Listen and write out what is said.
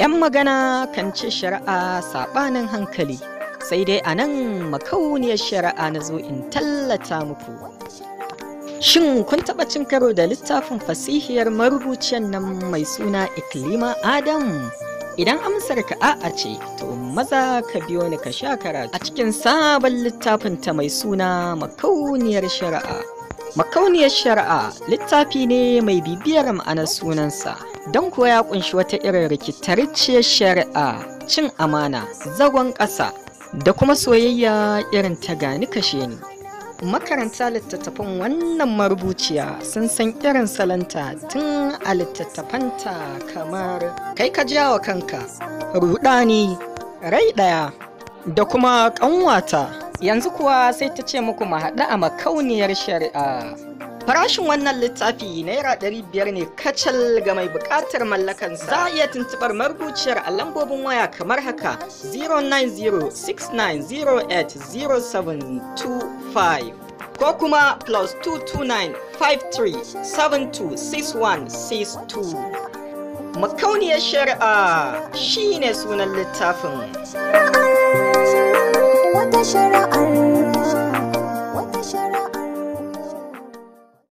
yan magana kan ce shari'a saɓanin hankali sai dai a nan makauniyar shari'a na zo in tallata muku shin kun taɓa cin karo da littafin fasihiyar marubuciyar nan mai suna iklima adam idan amsar ka a'a ce to maza ka biyo ni ka sha karatu a cikin sabon littafinta mai suna makauniyar shari'a Makauniyar shari'a littafi ne mai bibiyar ma'ana sunansa, don kuwa ya kunshi wata irin rikitarciyar shari'a, cin amana, zagon ƙasa, da kuma soyayya irin ta gani kashe ni. Makaranta littattafan wannan marubuciya sun san irin salanta tun a littattafanta kamar kai ka wa kanka, ruɗani, rai ɗaya, da kuma ƙanwata. yanzu kuwa sai ta ce muku haɗu a makauniyar shari'a farashin wannan littafi naira ɗari biyar ne kacal ga mai buƙatar mallakan za a iya tuntuɓar marubuciyar a lambobin waya kamar haka 09069080725 ko kuma plus 229 makauniyar shari'a shi ne sunan littafin. Wata shari'a.